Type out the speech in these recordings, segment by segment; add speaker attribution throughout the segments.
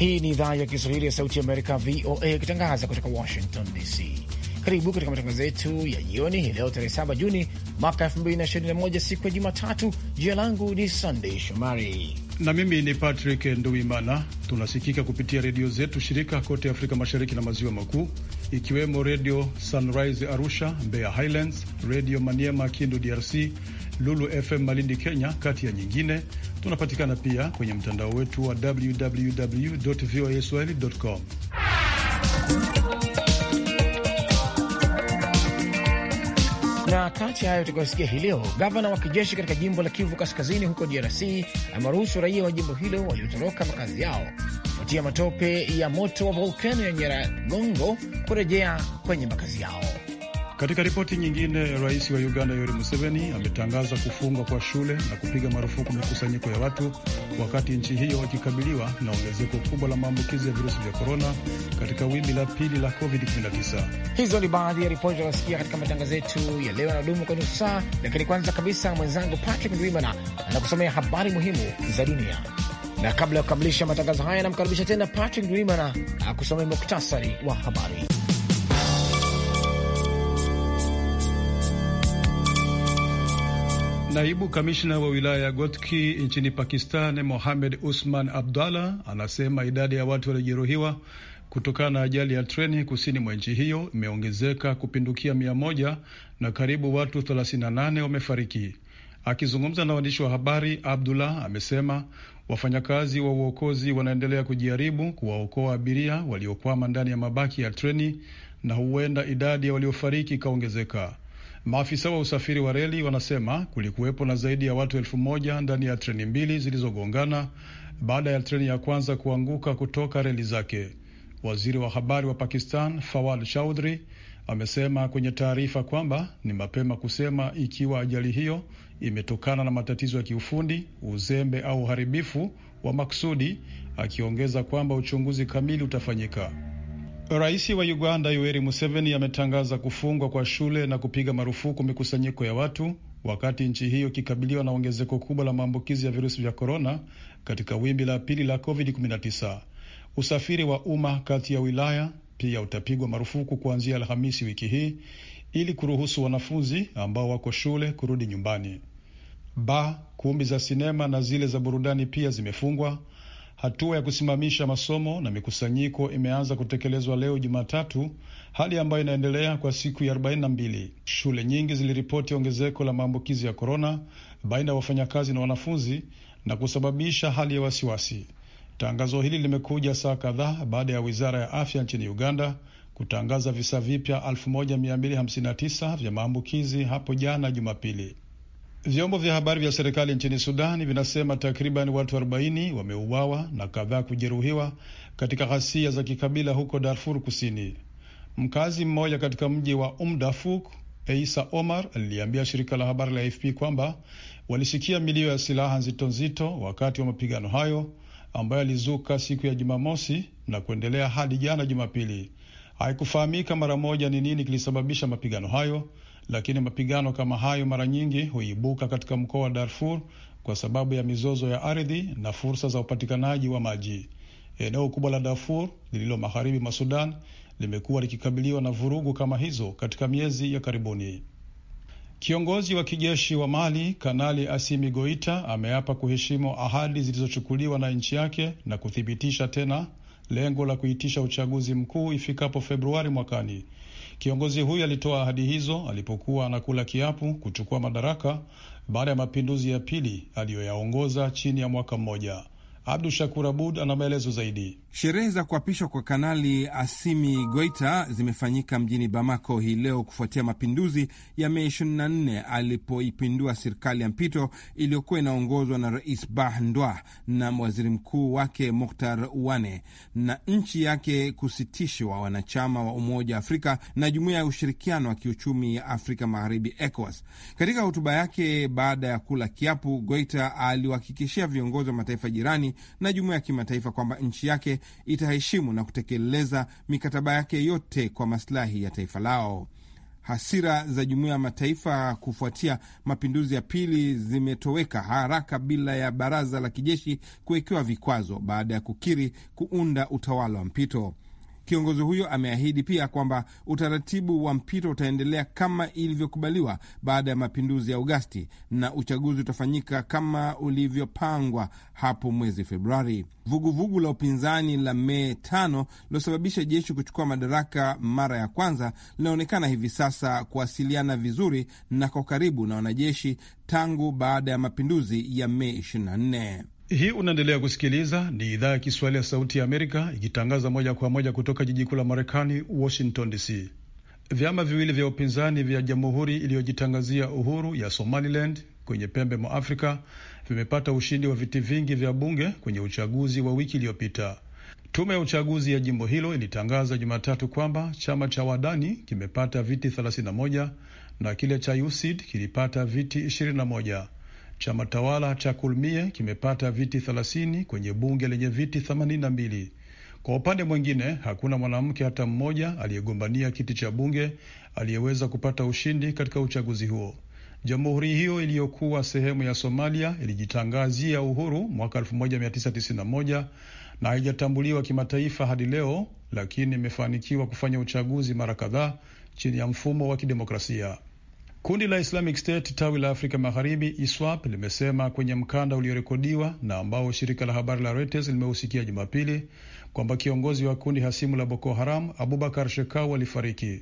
Speaker 1: Hii ni idhaa ya Kiswahili ya Sauti ya Amerika, VOA, ikitangaza kutoka Washington DC. Karibu katika matangazo yetu ya jioni hii leo, tarehe 7 Juni mwaka 2021, siku ya Jumatatu. Jina langu ni Sandey
Speaker 2: Shomari na mimi ni Patrick nduimana Tunasikika kupitia redio zetu shirika kote Afrika Mashariki na Maziwa Makuu, ikiwemo Redio Sunrise Arusha, Mbeya Highlands, Redio Maniema Kindu DRC, Lulu FM Malindi Kenya, kati ya nyingine Tunapatikana pia kwenye mtandao wetu wa www voa swahili com.
Speaker 1: Na kati hayo tukiwasikia hii leo, gavana wa kijeshi katika jimbo la Kivu Kaskazini huko DRC amewaruhusu raia wa jimbo hilo waliotoroka makazi yao kufuatia matope ya moto wa volkano ya Nyiragongo kurejea kwenye makazi yao.
Speaker 2: Katika ripoti nyingine, rais wa Uganda Yoweri Museveni ametangaza kufungwa kwa shule na kupiga marufuku mikusanyiko ya watu, wakati nchi hiyo ikikabiliwa na ongezeko kubwa la maambukizi ya virusi vya korona katika wimbi la pili la COVID-19. Hizo ni baadhi ya ripoti unasikia katika matangazo
Speaker 1: yetu ya leo yanadumu kwa nusu saa, lakini kwanza kabisa mwenzangu Patrick Ndwimana anakusomea habari muhimu za dunia, na kabla ya kukamilisha matangazo haya anamkaribisha tena Patrick Ndwimana akusomea muktasari wa habari.
Speaker 2: Naibu kamishna wa wilaya ya Gotki nchini Pakistan, Mohamed Usman Abdallah, anasema idadi ya watu waliojeruhiwa kutokana na ajali ya treni kusini mwa nchi hiyo imeongezeka kupindukia mia moja na karibu watu 38 wamefariki. Akizungumza na waandishi wa habari, Abdullah amesema wafanyakazi wa uokozi wanaendelea kujaribu kuwaokoa abiria waliokwama ndani ya mabaki ya treni na huenda idadi ya waliofariki ikaongezeka. Maafisa wa usafiri wa reli wanasema kulikuwepo na zaidi ya watu elfu moja ndani ya treni mbili zilizogongana baada ya treni ya kwanza kuanguka kutoka reli zake. Waziri wa habari wa Pakistan Fawad Chaudhry amesema kwenye taarifa kwamba ni mapema kusema ikiwa ajali hiyo imetokana na matatizo ya kiufundi, uzembe au uharibifu wa maksudi, akiongeza kwamba uchunguzi kamili utafanyika. Rais wa Uganda Yoweri Museveni ametangaza kufungwa kwa shule na kupiga marufuku mikusanyiko ya watu wakati nchi hiyo ikikabiliwa na ongezeko kubwa la maambukizi ya virusi vya korona katika wimbi la pili la COVID-19. Usafiri wa umma kati ya wilaya pia utapigwa marufuku kuanzia Alhamisi wiki hii ili kuruhusu wanafunzi ambao wako shule kurudi nyumbani. Ba, kumbi za sinema na zile za burudani pia zimefungwa Hatua ya kusimamisha masomo na mikusanyiko imeanza kutekelezwa leo Jumatatu, hali ambayo inaendelea kwa siku ya 42. Shule nyingi ziliripoti ongezeko la maambukizi ya korona baina ya wafanyakazi na wanafunzi na kusababisha hali ya wasiwasi. Tangazo hili limekuja saa kadhaa baada ya wizara ya afya nchini Uganda kutangaza visa vipya 1259 vya maambukizi hapo jana Jumapili. Vyombo vya habari vya serikali nchini Sudani vinasema takriban watu 40 wameuawa na kadhaa kujeruhiwa katika ghasia za kikabila huko Darfur Kusini. Mkazi mmoja katika mji wa Umdafuk, Eisa Omar, aliliambia shirika la habari la AFP kwamba walisikia milio ya silaha nzito nzito wakati wa mapigano hayo ambayo yalizuka siku ya Jumamosi na kuendelea hadi jana Jumapili. Haikufahamika mara moja ni nini kilisababisha mapigano hayo lakini mapigano kama hayo mara nyingi huibuka katika mkoa wa Darfur kwa sababu ya mizozo ya ardhi na fursa za upatikanaji wa maji. Eneo kubwa la Darfur lililo magharibi mwa Sudan limekuwa likikabiliwa na vurugu kama hizo katika miezi ya karibuni. Kiongozi wa kijeshi wa Mali Kanali Asimi Goita ameapa kuheshimu ahadi zilizochukuliwa na nchi yake na kuthibitisha tena lengo la kuitisha uchaguzi mkuu ifikapo Februari mwakani. Kiongozi huyo alitoa ahadi hizo alipokuwa anakula kiapu kuchukua madaraka baada ya mapinduzi ya pili aliyoyaongoza chini ya mwaka mmoja. Abdu Shakur Abud ana maelezo zaidi.
Speaker 3: Sherehe za kuapishwa kwa Kanali Asimi Goita zimefanyika mjini Bamako hii leo kufuatia mapinduzi ya Mei 24 alipoipindua serikali ya mpito iliyokuwa inaongozwa na Rais Bah Ndwa na waziri mkuu wake mukhtar Uane na nchi yake kusitishwa wanachama wa Umoja wa Afrika na Jumuiya ya Ushirikiano wa Kiuchumi ya Afrika Magharibi, ECOWAS. Katika hotuba yake baada ya kula kiapu, Goita aliwahakikishia viongozi wa mataifa jirani na jumuiya ya kimataifa kwamba nchi yake itaheshimu na kutekeleza mikataba yake yote kwa masilahi ya taifa lao. Hasira za jumuiya ya mataifa kufuatia mapinduzi ya pili zimetoweka haraka bila ya baraza la kijeshi kuwekewa vikwazo baada ya kukiri kuunda utawala wa mpito. Kiongozi huyo ameahidi pia kwamba utaratibu wa mpito utaendelea kama ilivyokubaliwa baada ya mapinduzi ya Agosti na uchaguzi utafanyika kama ulivyopangwa hapo mwezi Februari. Vuguvugu vugu la upinzani la Mei tano lilosababisha jeshi kuchukua madaraka mara ya kwanza linaonekana hivi sasa kuwasiliana vizuri na kwa karibu na wanajeshi tangu baada ya mapinduzi ya Mei 24.
Speaker 2: Hii unaendelea kusikiliza ni idhaa ya Kiswahili ya Sauti ya Amerika ikitangaza moja kwa moja kutoka jiji kuu la Marekani, Washington DC. Vyama viwili vya upinzani vya jamhuri iliyojitangazia uhuru ya Somaliland kwenye pembe mwa Afrika vimepata ushindi wa viti vingi vya bunge kwenye uchaguzi wa wiki iliyopita. Tume ya uchaguzi ya jimbo hilo ilitangaza Jumatatu kwamba chama cha Wadani kimepata viti 31 na kile cha UCID kilipata viti 21. Chama tawala cha Kulmie kimepata viti 30 kwenye bunge lenye viti 82. Kwa upande mwingine, hakuna mwanamke hata mmoja aliyegombania kiti cha bunge aliyeweza kupata ushindi katika uchaguzi huo. Jamhuri hiyo iliyokuwa sehemu ya Somalia ilijitangazia uhuru mwaka 1991 na haijatambuliwa kimataifa hadi leo, lakini imefanikiwa kufanya uchaguzi mara kadhaa chini ya mfumo wa kidemokrasia. Kundi la Islamic State tawi la Afrika Magharibi ISWAP limesema kwenye mkanda uliorekodiwa na ambao shirika la habari la Reuters limehusikia Jumapili kwamba kiongozi wa kundi hasimu la Boko Haram Abubakar Shekau alifariki.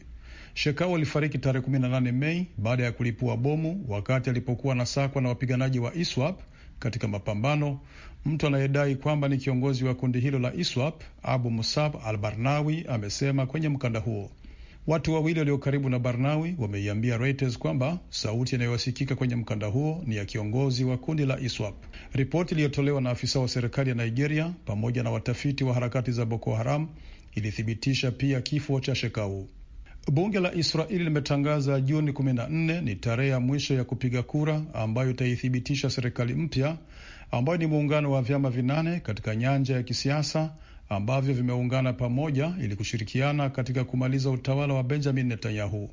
Speaker 2: Shekau alifariki tarehe 18 Mei baada ya kulipua bomu wakati alipokuwa nasakwa na wapiganaji wa ISWAP katika mapambano. Mtu anayedai kwamba ni kiongozi wa kundi hilo la ISWAP Abu Musab al Barnawi amesema kwenye mkanda huo. Watu wawili walio karibu na Barnawi wameiambia Reuters kwamba sauti inayowasikika kwenye mkanda huo ni ya kiongozi wa kundi la ISWAP. Ripoti iliyotolewa na afisa wa serikali ya Nigeria pamoja na watafiti wa harakati za Boko Haram ilithibitisha pia kifo cha Shekau. Bunge la Israeli limetangaza Juni 14 ni tarehe ya mwisho ya kupiga kura ambayo itaithibitisha serikali mpya ambayo ni muungano wa vyama vinane katika nyanja ya kisiasa ambavyo vimeungana pamoja ili kushirikiana katika kumaliza utawala wa Benjamin Netanyahu.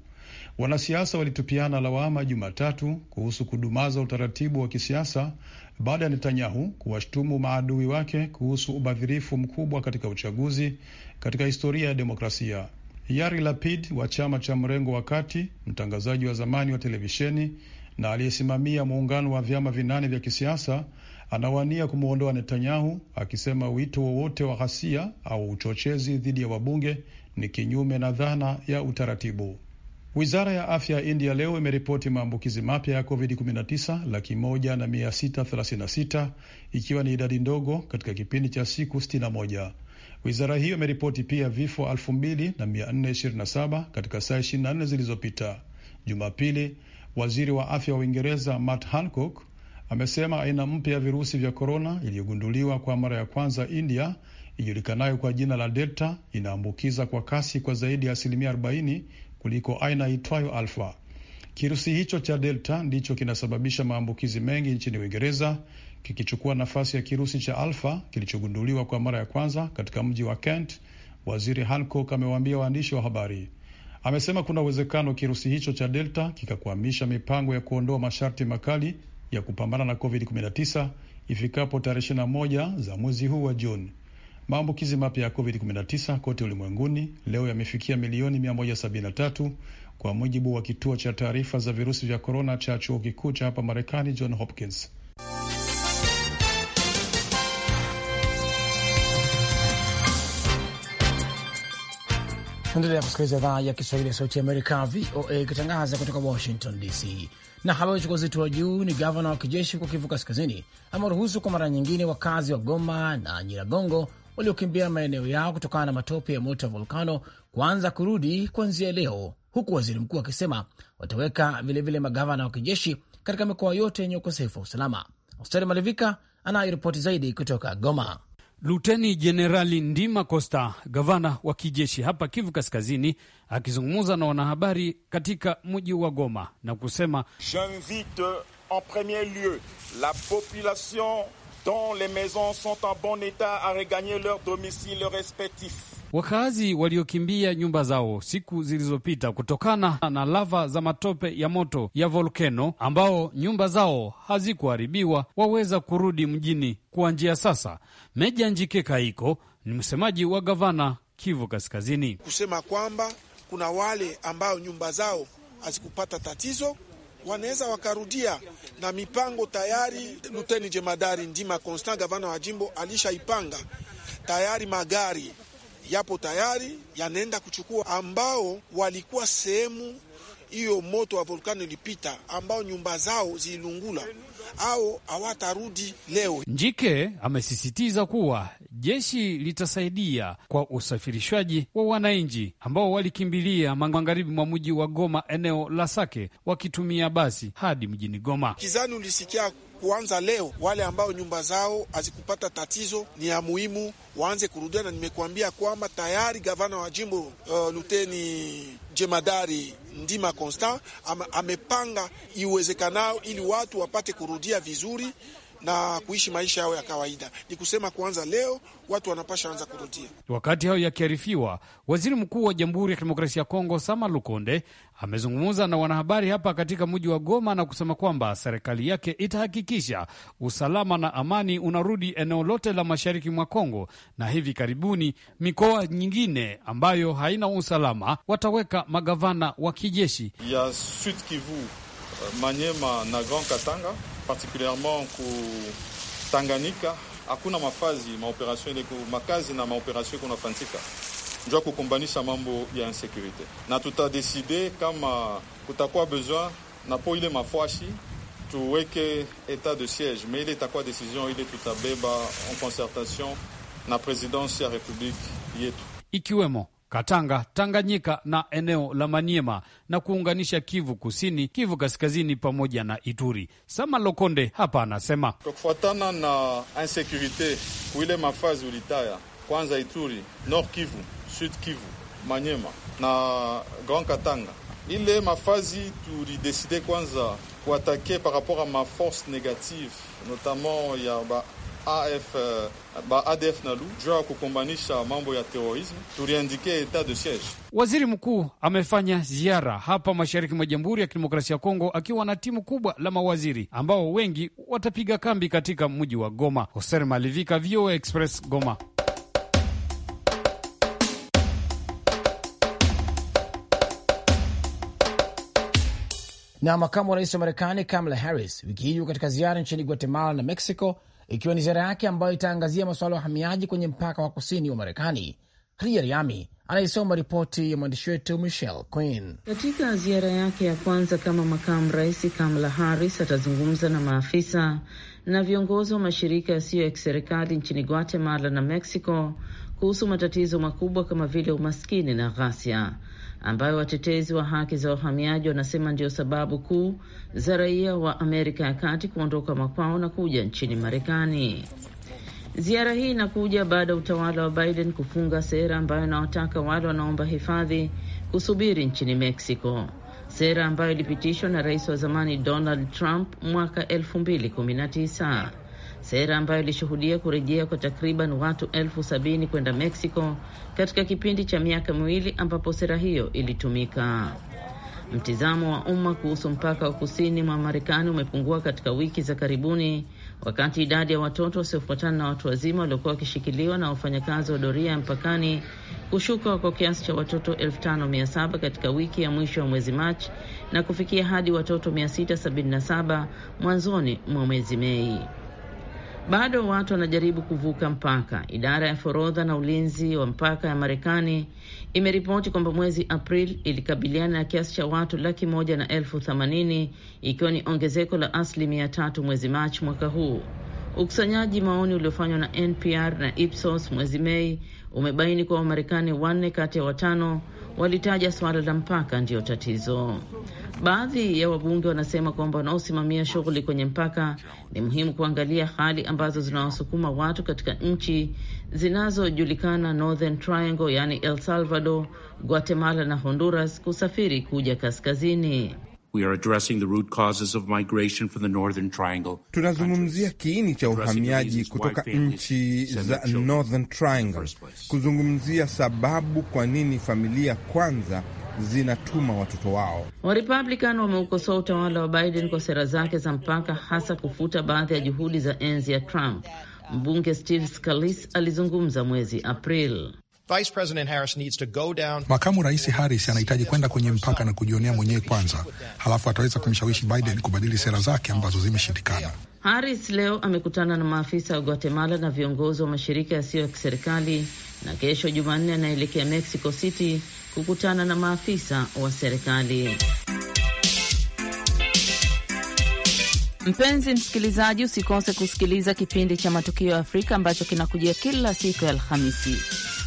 Speaker 2: Wanasiasa walitupiana lawama Jumatatu kuhusu kudumaza utaratibu wa kisiasa baada ya Netanyahu kuwashtumu maadui wake kuhusu ubadhirifu mkubwa katika uchaguzi katika historia ya demokrasia. Yari Lapid wa chama cha mrengo wa kati, mtangazaji wa zamani wa televisheni na aliyesimamia muungano wa vyama vinane vya kisiasa anawania kumwondoa Netanyahu, akisema wito wowote wa ghasia au uchochezi dhidi ya wabunge ni kinyume na dhana ya utaratibu. Wizara ya afya ya India leo imeripoti maambukizi mapya ya COVID-19 laki moja na mia sita thelathini na sita ikiwa ni idadi ndogo katika kipindi cha siku 61. Wizara hiyo imeripoti pia vifo elfu mbili na mia nne ishirini na saba katika saa 24 zilizopita. Jumapili, waziri wa afya wa Uingereza Matt Hancock amesema aina mpya ya virusi vya korona iliyogunduliwa kwa mara ya kwanza India ijulikanayo kwa jina la Delta inaambukiza kwa kasi kwa zaidi ya asilimia 40 kuliko aina itwayo Alfa. Kirusi hicho cha Delta ndicho kinasababisha maambukizi mengi nchini Uingereza, kikichukua nafasi ya kirusi cha Alfa kilichogunduliwa kwa mara ya kwanza katika mji wa Kent. Waziri Hancock amewaambia waandishi wa habari. Amesema kuna uwezekano kirusi hicho cha Delta kikakwamisha mipango ya kuondoa masharti makali ya kupambana na COVID-19 ifikapo tarehe 21 za mwezi huu wa Juni. Maambukizi mapya ya COVID-19 kote ulimwenguni leo yamefikia milioni 173 kwa mujibu wa kituo cha taarifa za virusi vya korona cha chuo kikuu cha hapa Marekani, John Hopkins.
Speaker 1: Endelea kusikiliza idhaa ya Kiswahili ya Sauti ya Amerika, VOA, ikitangaza kutoka Washington DC. Na habari uchukua uzito wa juu ni gavana wa kijeshi kwa Kivu Kaskazini ameruhusu kwa mara nyingine wakazi wa Goma na Nyiragongo waliokimbia maeneo yao kutokana na matope ya moto ya volkano kuanza kurudi kuanzia leo, huku waziri mkuu akisema wataweka vilevile magavana wa kijeshi katika mikoa yote yenye ukosefu wa usalama. Hosteri Malivika anayeripoti zaidi kutoka Goma.
Speaker 4: Luteni Jenerali Ndima Costa, gavana wa kijeshi hapa Kivu Kaskazini, akizungumza na wanahabari katika mji wa Goma na kusema
Speaker 5: J'invite en premier lieu
Speaker 6: la population dont les maisons sont en bon état a regagner leur domicile
Speaker 5: respectif
Speaker 4: Wakazi waliokimbia nyumba zao siku zilizopita kutokana na lava za matope ya moto ya volkeno ambao nyumba zao hazikuharibiwa waweza kurudi mjini kwa njia. Sasa Meja Njike Kaiko ni msemaji wa gavana Kivu Kaskazini,
Speaker 7: kusema kwamba kuna wale ambao nyumba zao hazikupata tatizo wanaweza wakarudia na mipango tayari. Luteni Jemadari Ndima Constant, gavana wa jimbo, alishaipanga tayari magari yapo tayari yanaenda kuchukua ambao walikuwa sehemu hiyo moto wa volkano ilipita, ambao nyumba zao zililungula au hawatarudi
Speaker 4: leo. Njike amesisitiza kuwa jeshi litasaidia kwa usafirishwaji wa wananchi ambao walikimbilia magharibi mwa mji wa Goma, eneo la Sake, wakitumia basi hadi mjini Goma. Kizani
Speaker 7: ulisikia kuanza leo. Wale ambao nyumba zao hazikupata tatizo ni ya muhimu waanze kurudia, na nimekuambia kwamba tayari gavana wa jimbo uh, luteni jemadari Ndima Constant amepanga iwezekanao ili watu wapate kurudia vizuri na kuishi maisha yao ya kawaida. Ni kusema kuanza leo watu wanapasha anza
Speaker 4: kurudia. Wakati hayo yakiarifiwa, waziri mkuu wa Jamhuri ya Kidemokrasia ya Kongo Sama Lukonde amezungumza na wanahabari hapa katika mji wa Goma na kusema kwamba serikali yake itahakikisha usalama na amani unarudi eneo lote la mashariki mwa Kongo, na hivi karibuni mikoa nyingine ambayo haina usalama wataweka magavana wa kijeshi
Speaker 8: ya Sud Kivu, Manyema na Grand Katanga particulièrement ku Tanganyika hakuna mafazi maoperasio ile makazi na maoperasio kunafanyika njua kukumbanisha mambo ya insécurité. na quand kama kutakuwa besoin na po ile tout tuweke état de siège mais ile est decision ile tutabeba en concertation na presidence ya republique yetu
Speaker 4: ikiwemo Katanga, Tanganyika na eneo la Maniema na kuunganisha Kivu Kusini, Kivu Kaskazini pamoja na Ituri. Sama Lokonde hapa anasema kwa
Speaker 8: kufuatana na insekurite kuile mafazi ulitaya kwanza, Ituri, Nord Kivu, Sud Kivu, Maniema na Grand Katanga, ile mafazi tulideside kwanza kuatake par rapport a maforce negative notamment ya ba AF, eh, ba ADF Nalu juu ya kukumbanisha mambo ya terorismu, tuliandike etat de siege.
Speaker 4: Waziri mkuu amefanya ziara hapa mashariki mwa Jamhuri ya Kidemokrasia ya Kongo akiwa na timu kubwa la mawaziri ambao wengi watapiga kambi katika mji wa Goma. Hoser Malivika, VOA Express, Goma.
Speaker 1: Na makamu wa rais wa Marekani Kamala Harris wiki hii katika ziara nchini Guatemala na Mexico ikiwa ni ziara yake ambayo itaangazia masuala ya uhamiaji kwenye mpaka wa kusini wa Marekani. Hadija Riami anaisoma ripoti ya mwandishi wetu Michelle Quinn. Katika
Speaker 9: ziara yake ya kwanza kama makamu rais, Kamala Harris atazungumza na maafisa na viongozi wa mashirika yasiyo ya kiserikali nchini Guatemala na Mexico kuhusu matatizo makubwa kama vile umaskini na ghasia ambayo watetezi wa haki za wahamiaji wanasema ndio sababu kuu za raia wa Amerika ya Kati kuondoka makwao na kuja nchini Marekani. Ziara hii inakuja baada ya utawala wa Biden kufunga sera ambayo inawataka wale wanaomba hifadhi kusubiri nchini Mexico, sera ambayo ilipitishwa na rais wa zamani Donald Trump mwaka 219 sera ambayo ilishuhudia kurejea kwa takriban watu elfu sabini kwenda Mexico katika kipindi cha miaka miwili ambapo sera hiyo ilitumika. Mtizamo wa umma kuhusu mpaka wa kusini mwa Marekani umepungua katika wiki za karibuni, wakati idadi ya watoto wasiofuatana na watu wazima waliokuwa wakishikiliwa na wafanyakazi wa doria ya mpakani kushuka kwa kiasi cha watoto 5700 katika wiki ya mwisho wa mwezi Machi na kufikia hadi watoto 677 mwanzoni mwa mwezi Mei. Bado watu wanajaribu kuvuka mpaka. Idara ya forodha na ulinzi wa mpaka ya Marekani imeripoti kwamba mwezi april ilikabiliana na kiasi cha watu laki moja na elfu themanini ikiwa ni ongezeko la asilimia tatu mwezi Machi mwaka huu. Ukusanyaji maoni uliofanywa na NPR na Ipsos mwezi Mei umebaini kuwa Wamarekani wanne kati ya watano walitaja suala la mpaka ndiyo tatizo. Baadhi ya wabunge wanasema kwamba wanaosimamia shughuli kwenye mpaka ni muhimu kuangalia hali ambazo zinawasukuma watu katika nchi zinazojulikana Northern Triangle, yaani El Salvador, Guatemala na Honduras kusafiri kuja kaskazini.
Speaker 3: Tunazungumzia kiini cha uhamiaji kutoka nchi za Northern Triangle, kuzungumzia sababu kwa nini familia kwanza zinatuma watoto
Speaker 4: wao.
Speaker 9: Warepublican wameukosoa utawala wa Biden kwa sera zake za mpaka, hasa kufuta baadhi ya juhudi za enzi ya Trump. Mbunge Steve Scalise alizungumza mwezi april Vice President Harris needs to go down...
Speaker 7: Makamu Rais Harris anahitaji kwenda kwenye mpaka na kujionea mwenyewe kwanza, halafu ataweza kumshawishi Biden kubadili sera zake ambazo zimeshindikana.
Speaker 9: Harris leo amekutana na maafisa wa Guatemala na viongozi wa mashirika yasiyo ya kiserikali, na kesho Jumanne anaelekea Mexico City kukutana na maafisa wa serikali. Mpenzi msikilizaji, usikose kusikiliza kipindi cha Matukio ya Afrika ambacho kinakujia kila siku ya Alhamisi.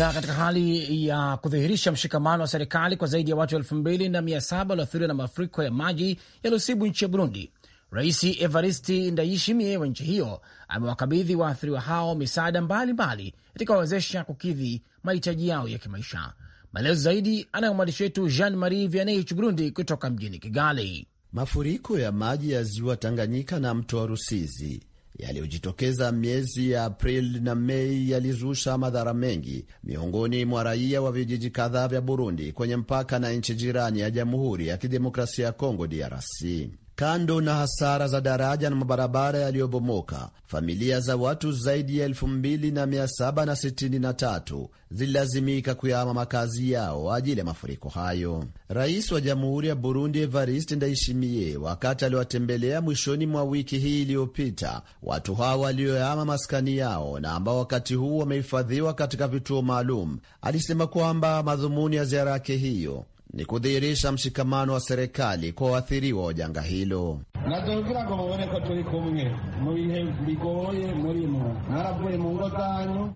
Speaker 1: Na katika hali ya kudhihirisha mshikamano wa serikali kwa zaidi ya watu elfu mbili na mia saba walioathiriwa na mafuriko ya maji yaliyosibu nchi ya Burundi, Rais Evaristi Ndayishimiye wa nchi hiyo amewakabidhi waathiriwa hao misaada mbalimbali itakawawezesha kukidhi mahitaji yao ya kimaisha. Maelezo zaidi anayo mwandishi wetu Jean Marie Vianney Burundi, kutoka mjini
Speaker 10: Kigali. Mafuriko ya maji ya ziwa Tanganyika na mto wa Rusizi yaliyojitokeza miezi ya Aprili na Mei yalizusha madhara mengi miongoni mwa raia wa vijiji kadhaa vya Burundi kwenye mpaka na nchi jirani ya Jamhuri ya Kidemokrasia ya Kongo, DRC. Kando na hasara za daraja na mabarabara yaliyobomoka, familia za watu zaidi ya 2763 zililazimika kuyama makazi yao ajili ya mafuriko hayo. Rais wa Jamhuri ya Burundi Evariste Ndayishimiye, wakati aliwatembelea mwishoni mwa wiki hii iliyopita, watu hao walioyama maskani yao na ambao wakati huu wamehifadhiwa katika vituo maalum, alisema kwamba madhumuni ya ziara yake hiyo ni kudhihirisha mshikamano wa serikali kwa waathiriwa wa janga hilo.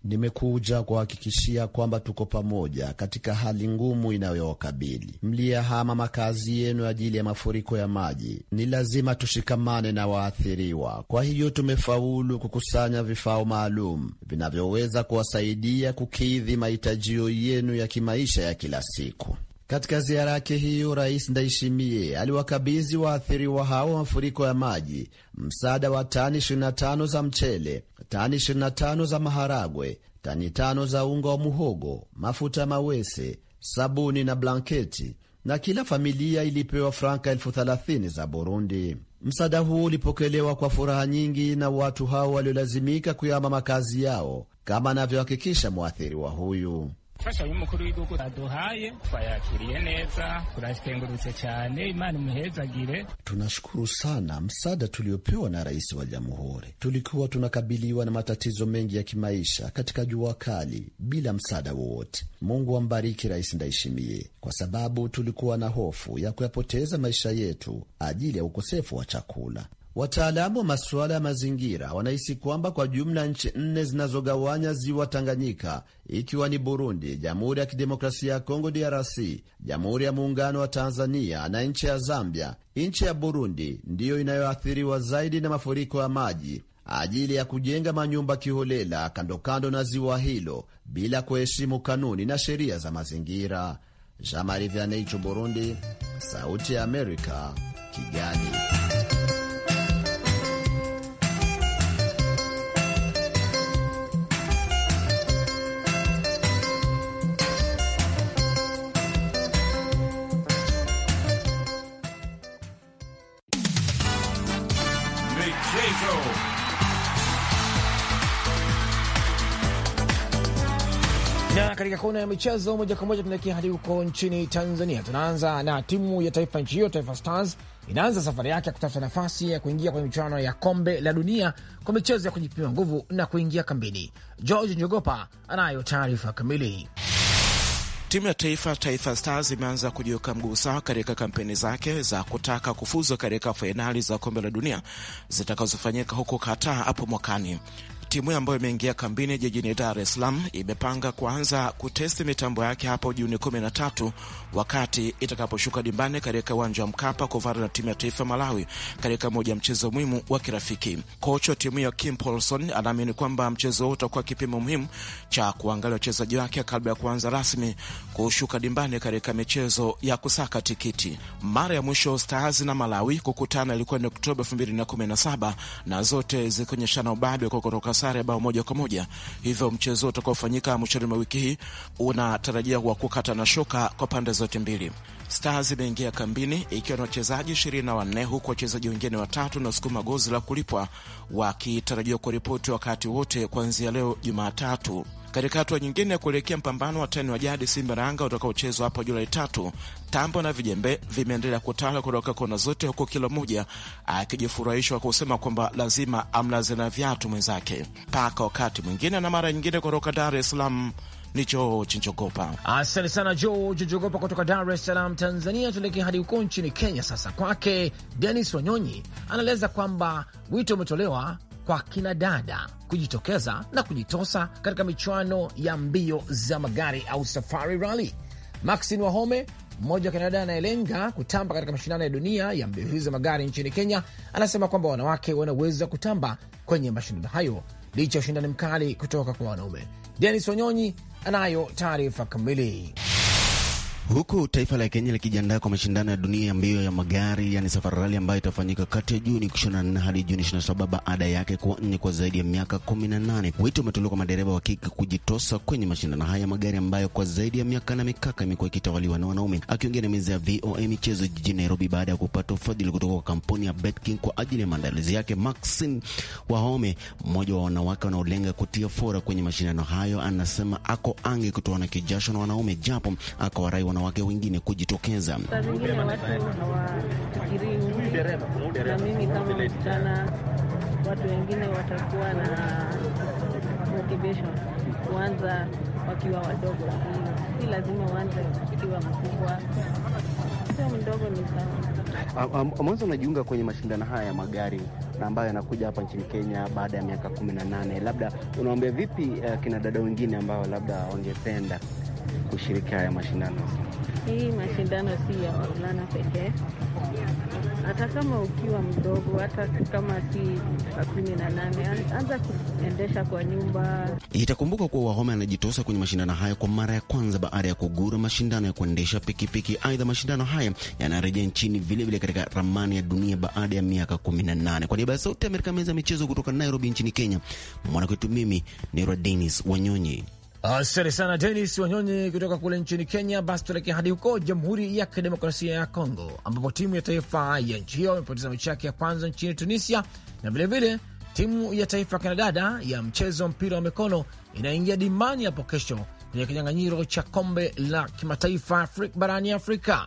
Speaker 10: Nimekuja kuhakikishia kwamba tuko pamoja katika hali ngumu inayowakabili mliyahama makazi yenu ajili ya mafuriko ya maji. Ni lazima tushikamane na waathiriwa. Kwa hiyo tumefaulu kukusanya vifaa maalum vinavyoweza kuwasaidia kukidhi mahitajio yenu ya kimaisha ya kila siku. Katika ziara yake hiyo, Rais Ndayishimiye aliwakabidhi waathiriwa hao wa mafuriko ya maji msaada wa tani 25 za mchele, tani 25 za maharagwe, tani tano za unga wa muhogo, mafuta ya mawese, sabuni na blanketi, na kila familia ilipewa franka elfu thelathini za Burundi. Msaada huo ulipokelewa kwa furaha nyingi na watu hao waliolazimika kuyama makazi yao, kama anavyohakikisha mwathiriwa huyu
Speaker 6: ubufasha bw'umukuru w'igihugu aduhaye twayakiriye neza turashikengurutse cyane Imana
Speaker 4: imuhezagire.
Speaker 10: Tunashukuru sana msaada tuliopewa na rais wa jamhuri. Tulikuwa tunakabiliwa na matatizo mengi ya kimaisha katika jua kali bila msaada wowote. Mungu ambariki Rais ndaishimie kwa sababu tulikuwa na hofu ya kuyapoteza maisha yetu ajili ya ukosefu wa chakula. Wataalamu wa masuala ya mazingira wanahisi kwamba kwa jumla nchi nne zinazogawanya ziwa Tanganyika, ikiwa ni Burundi, Jamhuri ya Kidemokrasia ya Kongo DRC, Jamhuri ya Muungano wa Tanzania na nchi ya Zambia, nchi ya Burundi ndiyo inayoathiriwa zaidi na mafuriko ya maji ajili ya kujenga manyumba kiholela kandokando na ziwa hilo bila kuheshimu kanuni na sheria za mazingira. Jamari Vianeicho, Burundi. Sauti ya Amerika, Kigali.
Speaker 1: katika kona ya michezo moja kwa moja tunaelekea hadi huko nchini Tanzania. Tunaanza na timu ya taifa nchi hiyo, Taifa Stars inaanza safari yake ya kutafuta nafasi ya kuingia kwenye michuano ya kombe la dunia kwa michezo ya kujipima nguvu na kuingia kambini. George Njogopa anayo taarifa kamili.
Speaker 5: Timu ya taifa Taifa Stars imeanza kujiweka mguu sawa katika kampeni zake za kutaka kufuzwa katika fainali za kombe la dunia zitakazofanyika huko Kataa hapo mwakani. Timu ambayo imeingia kambini jijini Dar es Salaam imepanga kuanza kutesti mitambo yake hapo Juni 13 wakati itakaposhuka dimbani katika uwanja wa Mkapa kuvana na timu ya taifa Malawi katika moja ya mchezo muhimu wa kirafiki. Kocha wa timu hiyo Kim Paulson anaamini kwamba mchezo huo utakuwa kipimo muhimu cha kuangalia wachezaji wake kabla ya kuanza rasmi kushuka dimbani katika michezo ya kusaka tikiti. Mara ya mwisho Stars na Malawi kukutana ilikuwa ni Oktoba 2017 na zote zikionyeshana ubabe kwa kutoka sare ya bao moja kwa moja. Hivyo mchezo utakaofanyika mwishoni mwa wiki hii unatarajia wa kukata na shoka kwa pande zote mbili. Stars imeingia kambini ikiwa na wachezaji ishirini na wanne huku wachezaji wengine watatu na sukuma gozi la kulipwa wakitarajiwa kuripoti wakati wote kuanzia leo Jumatatu. Katika hatua nyingine ya kuelekea mpambano wa tani wa jadi Simba na Yanga utakaochezwa hapo Julai tatu, tambo na vijembe vimeendelea kutala kutoka kona zote, huku kila mmoja akijifurahishwa kusema kwamba lazima amlaze na viatu mwenzake. Mpaka wakati mwingine na mara nyingine, kutoka Dar es Salaam ni George Njogopa.
Speaker 1: Asante sana George Njogopa kutoka Dar es Salaam, Tanzania. Tuelekea hadi huko nchini Kenya sasa, kwake Denis Wanyonyi anaeleza kwamba wito umetolewa kwa kina dada kujitokeza na kujitosa katika michuano ya mbio za magari au safari rally. Maxin Wahome, mmoja wa kinadada anayelenga kutamba katika mashindano ya dunia ya mbio hizi za magari nchini Kenya, anasema kwamba wanawake wanaweza kutamba kwenye mashindano hayo licha ya ushindani mkali kutoka kwa wanaume. Denis Wanyonyi anayo taarifa kamili.
Speaker 11: Huku taifa la Kenya likijiandaa kwa mashindano ya dunia ya mbio ya magari yani Safari Rally ambayo itafanyika kati ya Juni 24 hadi Juni 27 baada yake kuwa nje kwa zaidi ya miaka 18, wito umetolewa kwa madereva wa kike kujitosa kwenye mashindano haya magari ambayo kwa zaidi ya miaka na mikaka imekuwa ikitawaliwa na wanaume. Akiongea na meza ya VOA michezo jijini Nairobi baada ya kupata ufadhili kutoka kwa kampuni ya Betking kwa ajili ya maandalizi yake, Maxine Wahome, mmoja wa wanawake wanaolenga kutia fora kwenye mashindano hayo, anasema ako ange kutoana kijasho na wanaume, japo akawarai wanawake wengine kujitokeza. zingine
Speaker 9: watu hawafikirii watu wengine watakuwa na motivation kuanza wakiwa wadogo, si lazima uanze ukiwa mkubwa, sio mdogo, ni
Speaker 11: sawa. Mwanzo unajiunga kwenye mashindano haya ya magari na ambayo yanakuja hapa nchini Kenya baada ya miaka kumi na nane, labda unawaambia vipi uh, kina dada wengine ambao labda wangependa kushiriki haya mashindano.
Speaker 9: Hii mashindano si ya wavulana pekee, hata kama ukiwa mdogo, hata kama si kumi na nane, anza kuendesha kwa nyumba.
Speaker 11: Itakumbuka kuwa Wahome anajitosa kwenye mashindano haya kwa mara ya kwanza baada ya kugura mashindano ya kuendesha pikipiki. Aidha, mashindano haya yanarejea nchini vilevile katika ramani ya dunia baada ya miaka kumi na nane. Kwa niaba ya Sauti ya Amerika, meza ya michezo kutoka Nairobi nchini Kenya, mwanakwetu mimi ni Rwa Denis Wanyonyi.
Speaker 1: Asante sana Denis Wanyonyi kutoka kule nchini Kenya. Basi tuelekea hadi huko Jamhuri ya Kidemokrasia ya Kongo, ambapo timu ya taifa ya nchi hiyo imepoteza mechi yake ya kwanza nchini Tunisia, na vilevile timu ya taifa ya kinadada ya mchezo mpira wa mikono inaingia dimani hapo kesho kwenye kinyang'anyiro cha kombe la kimataifa barani Afrika.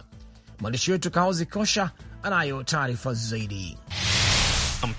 Speaker 1: Mwandishi wetu Kaozi Kosha anayo taarifa zaidi.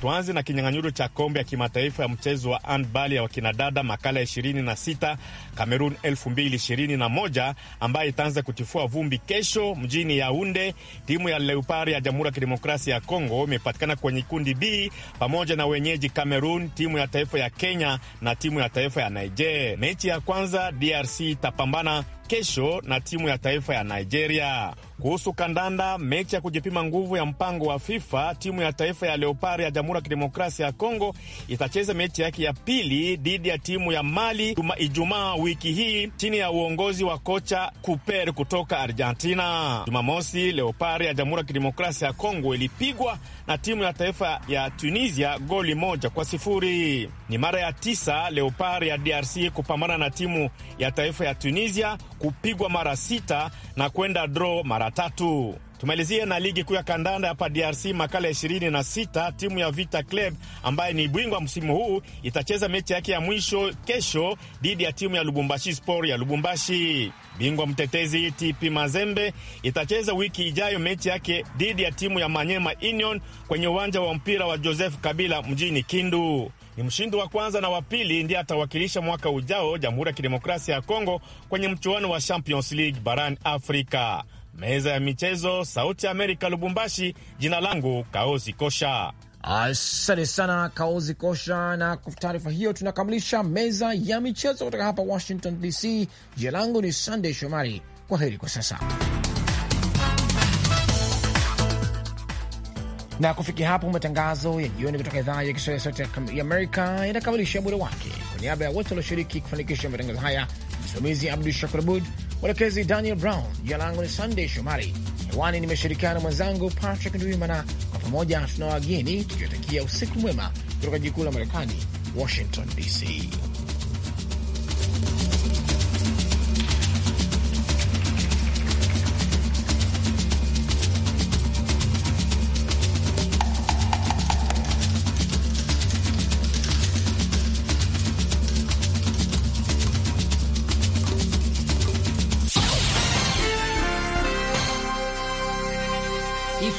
Speaker 1: Tuanze na kinyang'anyiro cha kombe ya kimataifa
Speaker 6: ya mchezo wa handball ya wakinadada makala 26 Kamerun 2021 ambayo itaanza kutifua vumbi kesho mjini Yaunde. Timu ya Leopard ya Jamhuri ya Kidemokrasia ya Kongo imepatikana kwenye kundi B pamoja na wenyeji Kamerun, timu ya taifa ya Kenya na timu ya taifa ya Nigeria. Mechi ya kwanza DRC itapambana kesho na timu ya taifa ya Nigeria. Kuhusu kandanda, mechi ya kujipima nguvu ya mpango wa FIFA, timu ya taifa ya Leopard ya Jamhuri ya Kidemokrasia ya Kongo itacheza mechi yake ya pili dhidi ya timu ya Mali Ijumaa wiki hii chini ya uongozi wa kocha Kuper kutoka Argentina. Jumamosi, Leopard ya Jamhuri ya Kidemokrasia ya Kongo ilipigwa na timu ya taifa ya Tunisia goli moja kwa sifuri. Ni mara ya tisa Leopard ya DRC kupambana na timu ya taifa ya Tunisia kupigwa mara sita na kwenda draw mara tatu. Tumalizie na ligi kuu ya kandanda hapa DRC. Makala na 26 timu ya Vita Club ambaye ni bingwa msimu huu itacheza mechi yake ya mwisho kesho dhidi ya timu ya Lubumbashi Sport ya Lubumbashi. Bingwa mtetezi TP Mazembe itacheza wiki ijayo mechi yake dhidi ya timu ya Manyema Union kwenye uwanja wa mpira wa Joseph Kabila mjini Kindu. Ni mshindi wa kwanza na wa pili ndiye atawakilisha mwaka ujao Jamhuri ya Kidemokrasia ya Kongo kwenye mchuano wa Champions League barani Afrika. Meza ya michezo, Sauti ya Amerika, Lubumbashi.
Speaker 1: Jina langu Kaozi Kosha. Asante sana Kaozi Kosha, na kwa taarifa hiyo tunakamilisha meza ya michezo kutoka hapa Washington DC. Jina langu ni Sandey Shomari. Kwa heri kwa sasa. Na kufikia hapo matangazo ya jioni kutoka idhaa ya Kiswahili Sauti ya Amerika yanakamilisha muda wake. Kwa niaba ya wote walioshiriki kufanikisha matangazo haya, msimamizi Abdu Shakur Abud, mwelekezi Daniel Brown, jina langu ni Sandey Shomari. Hewani nimeshirikiana na mwenzangu Patrick Ndwimana. Kwa pamoja tuna wageni tukiwatakia usiku mwema kutoka jikuu la Marekani, Washington DC.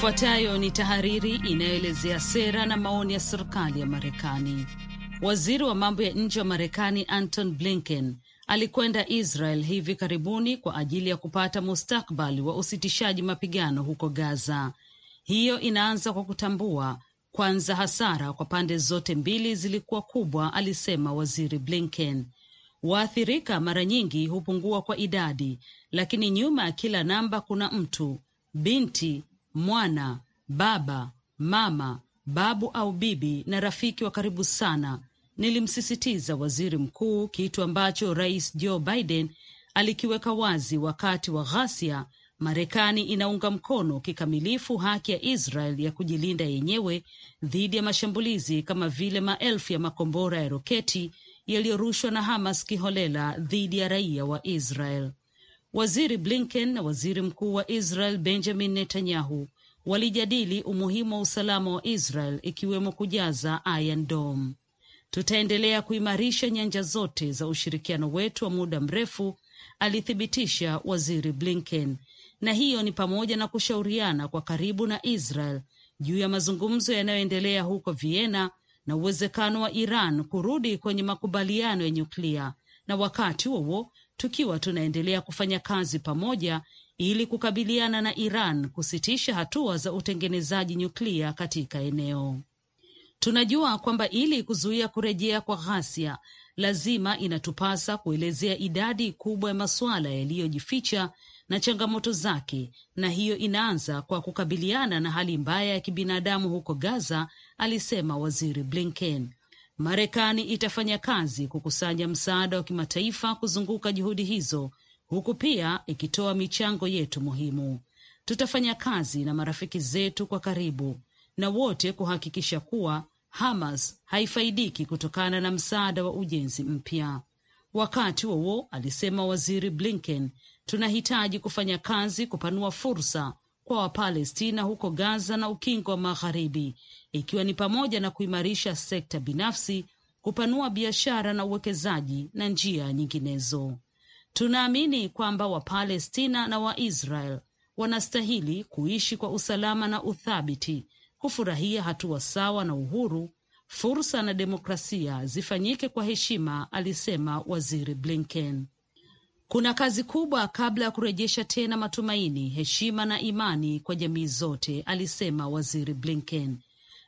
Speaker 12: Ifuatayo ni tahariri inayoelezea sera na maoni ya serikali ya Marekani. Waziri wa mambo ya nje wa Marekani Anton Blinken alikwenda Israel hivi karibuni kwa ajili ya kupata mustakbali wa usitishaji mapigano huko Gaza. Hiyo inaanza kwa kutambua kwanza hasara kwa pande zote mbili zilikuwa kubwa, alisema Waziri Blinken. Waathirika mara nyingi hupungua kwa idadi, lakini nyuma ya kila namba kuna mtu, binti mwana, baba, mama, babu au bibi na rafiki wa karibu sana, nilimsisitiza waziri mkuu, kitu ambacho rais Joe Biden alikiweka wazi wakati wa ghasia. Marekani inaunga mkono kikamilifu haki ya Israel ya kujilinda yenyewe dhidi ya mashambulizi kama vile maelfu ya makombora ya roketi yaliyorushwa na Hamas kiholela dhidi ya raia wa Israel. Waziri Blinken na waziri mkuu wa Israel Benjamin Netanyahu walijadili umuhimu wa usalama wa Israel ikiwemo kujaza Iron Dome. Tutaendelea kuimarisha nyanja zote za ushirikiano wetu wa muda mrefu, alithibitisha waziri Blinken, na hiyo ni pamoja na kushauriana kwa karibu na Israel juu ya mazungumzo yanayoendelea huko Vienna na uwezekano wa Iran kurudi kwenye makubaliano ya nyuklia na wakati huo tukiwa tunaendelea kufanya kazi pamoja ili kukabiliana na Iran kusitisha hatua za utengenezaji nyuklia katika eneo. Tunajua kwamba ili kuzuia kurejea kwa ghasia, lazima inatupasa kuelezea idadi kubwa ya masuala yaliyojificha na changamoto zake, na hiyo inaanza kwa kukabiliana na hali mbaya ya kibinadamu huko Gaza, alisema Waziri Blinken Marekani itafanya kazi kukusanya msaada wa kimataifa kuzunguka juhudi hizo, huku pia ikitoa michango yetu muhimu. Tutafanya kazi na marafiki zetu kwa karibu na wote kuhakikisha kuwa Hamas haifaidiki kutokana na msaada wa ujenzi mpya. Wakati huo, alisema Waziri Blinken, tunahitaji kufanya kazi kupanua fursa kwa Wapalestina huko Gaza na Ukingo wa Magharibi, ikiwa ni pamoja na kuimarisha sekta binafsi, kupanua biashara na uwekezaji na njia nyinginezo. Tunaamini kwamba Wapalestina na Waisrael wanastahili kuishi kwa usalama na uthabiti, kufurahia hatua sawa na uhuru, fursa na demokrasia zifanyike kwa heshima, alisema Waziri Blinken. Kuna kazi kubwa kabla ya kurejesha tena matumaini, heshima na imani kwa jamii zote, alisema Waziri Blinken.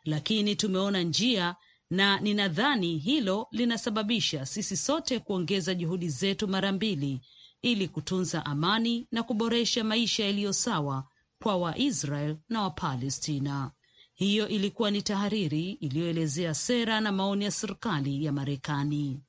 Speaker 12: Lakini tumeona njia na ninadhani hilo linasababisha sisi sote kuongeza juhudi zetu mara mbili ili kutunza amani na kuboresha maisha yaliyo sawa kwa Waisrael na Wapalestina. Hiyo ilikuwa ni tahariri iliyoelezea sera na maoni ya serikali ya Marekani.